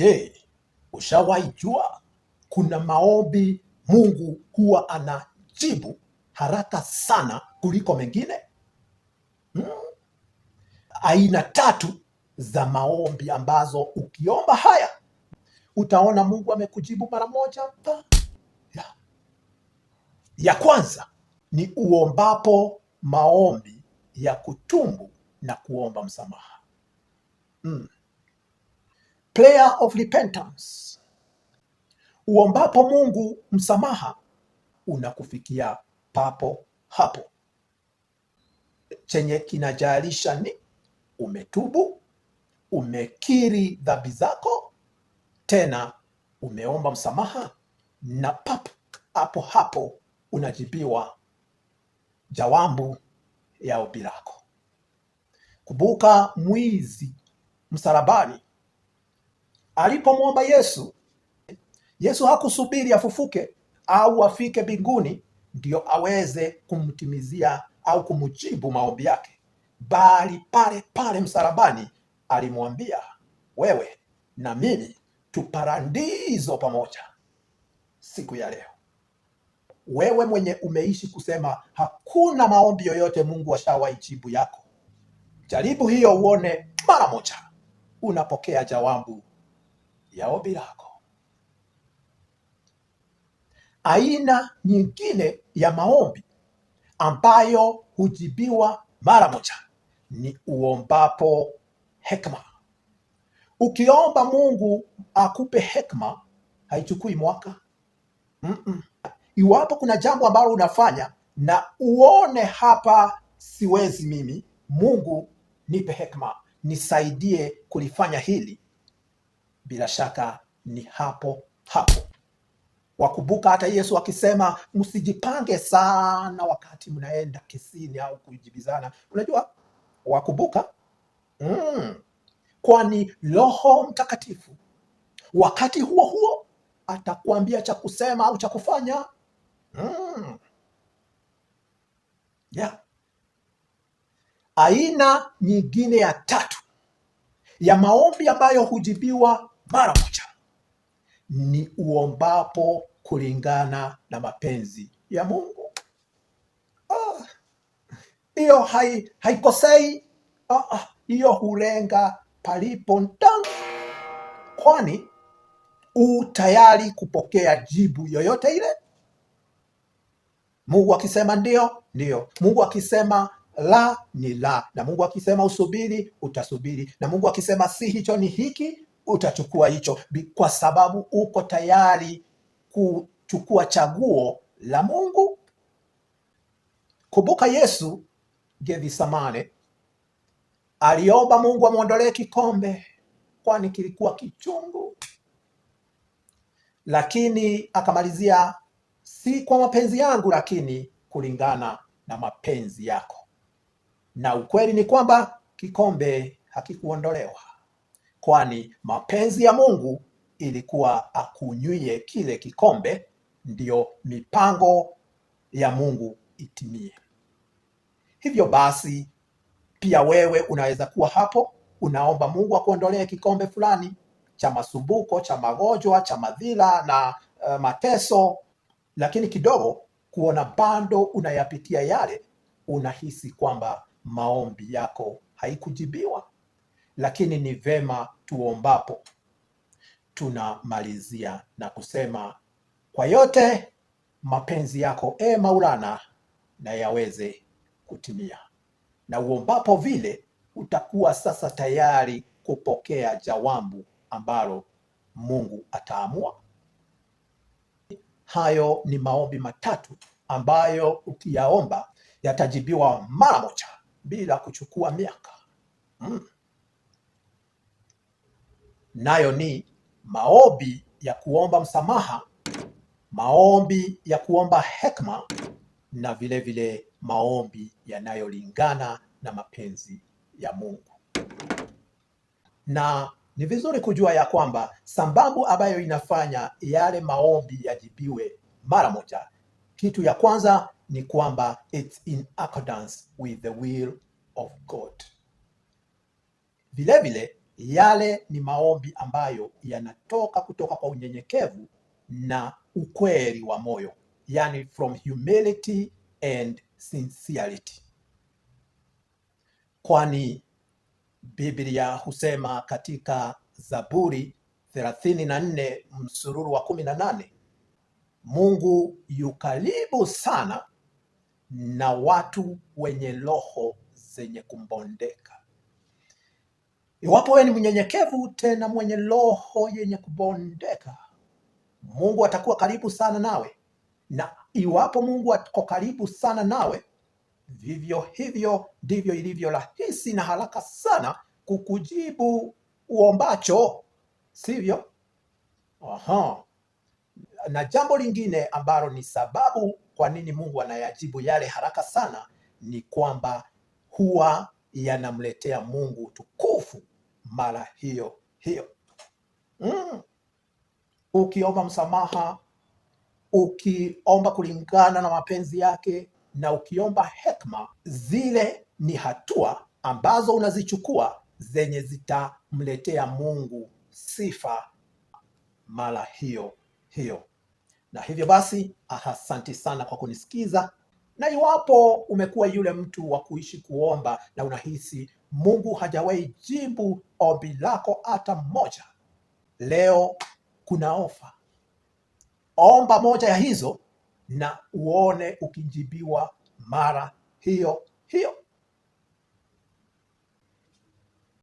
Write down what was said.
Je, ushawahi jua kuna maombi Mungu huwa anajibu haraka sana kuliko mengine? Hmm. Aina tatu za maombi ambazo ukiomba haya utaona Mungu amekujibu mara moja pa. Ya. Ya kwanza ni uombapo maombi ya kutubu na kuomba msamaha. Hmm prayer of repentance, uombapo Mungu msamaha unakufikia papo hapo. Chenye kinajalisha ni umetubu, umekiri dhambi zako, tena umeomba msamaha, na papo hapo hapo unajibiwa jawabu ya ombi lako. Kumbuka mwizi msalabani Alipomwomba Yesu, Yesu hakusubiri afufuke au afike mbinguni ndio aweze kumtimizia au kumjibu maombi yake, bali pale pale msalabani alimwambia, wewe na mimi tuparandizo pamoja siku ya leo. Wewe mwenye umeishi kusema hakuna maombi yoyote Mungu ashawahi yako, jaribu hiyo uone mara moja unapokea jawabu ya ombi lako. Aina nyingine ya maombi ambayo hujibiwa mara moja ni uombapo hekima. Ukiomba Mungu akupe hekima, haichukui mwaka mm -mm. Iwapo kuna jambo ambalo unafanya na uone hapa, siwezi mimi, Mungu nipe hekima, nisaidie kulifanya hili bila shaka ni hapo hapo. Wakumbuka hata Yesu akisema msijipange sana wakati mnaenda kisini au kujibizana. Unajua, wakumbuka mm, kwani Roho Mtakatifu wakati huo huo atakuambia cha kusema au cha kufanya. Mm. Yeah. Aina nyingine ya tatu ya maombi ambayo hujibiwa mara moja ni uombapo kulingana na mapenzi ya Mungu. Ah, hiyo ah, hai, haikosei ah, hiyo ah, ah, hulenga palipo ndani, kwani u tayari kupokea jibu yoyote ile. Mungu akisema ndio, ndio. Mungu akisema la, ni la, na Mungu akisema usubiri, utasubiri, na Mungu akisema si hicho ni hiki utachukua hicho, kwa sababu uko tayari kuchukua chaguo la Mungu. Kumbuka Yesu Gethisemane aliomba Mungu amwondolee kikombe, kwani kilikuwa kichungu, lakini akamalizia, si kwa mapenzi yangu, lakini kulingana na mapenzi yako. Na ukweli ni kwamba kikombe hakikuondolewa kwani mapenzi ya Mungu ilikuwa akunywie kile kikombe, ndiyo mipango ya Mungu itimie. Hivyo basi, pia wewe unaweza kuwa hapo, unaomba Mungu akuondolee kikombe fulani cha masumbuko, cha magonjwa, cha madhila na uh, mateso, lakini kidogo kuona bado unayapitia yale, unahisi kwamba maombi yako haikujibiwa lakini ni vema tuombapo. Tunamalizia na kusema kwa yote mapenzi yako e Maulana na yaweze kutimia, na uombapo vile utakuwa sasa tayari kupokea jawabu ambalo Mungu ataamua. Hayo ni maombi matatu ambayo ukiyaomba yatajibiwa mara moja bila kuchukua miaka mm nayo ni maombi ya kuomba msamaha, maombi ya kuomba hekma na vilevile vile maombi yanayolingana na mapenzi ya Mungu. Na ni vizuri kujua ya kwamba sababu ambayo inafanya yale maombi yajibiwe mara moja, kitu ya kwanza ni kwamba it's in accordance with the will of God. Vilevile yale ni maombi ambayo yanatoka kutoka kwa unyenyekevu na ukweli wa moyo, yani from humility and sincerity, kwani Biblia husema katika Zaburi 34 msururu wa 18, Mungu yu karibu sana na watu wenye roho zenye kumbondeka. Iwapo wewe ni mnyenyekevu tena mwenye roho yenye kubondeka, Mungu atakuwa karibu sana nawe, na iwapo Mungu ako karibu sana nawe, vivyo hivyo ndivyo ilivyo rahisi na haraka sana kukujibu uombacho, sivyo? Aha. Na jambo lingine ambalo ni sababu kwa nini Mungu anayajibu yale haraka sana ni kwamba huwa yanamletea Mungu utukufu mara hiyo hiyo. Mm. Ukiomba msamaha, ukiomba kulingana na mapenzi yake na ukiomba hekma, zile ni hatua ambazo unazichukua zenye zitamletea Mungu sifa mara hiyo hiyo. Na hivyo basi, asante sana kwa kunisikiza, na iwapo umekuwa yule mtu wa kuishi kuomba na unahisi Mungu hajawahi jibu ombi lako hata moja. Leo kuna ofa, omba moja ya hizo na uone ukijibiwa mara hiyo hiyo.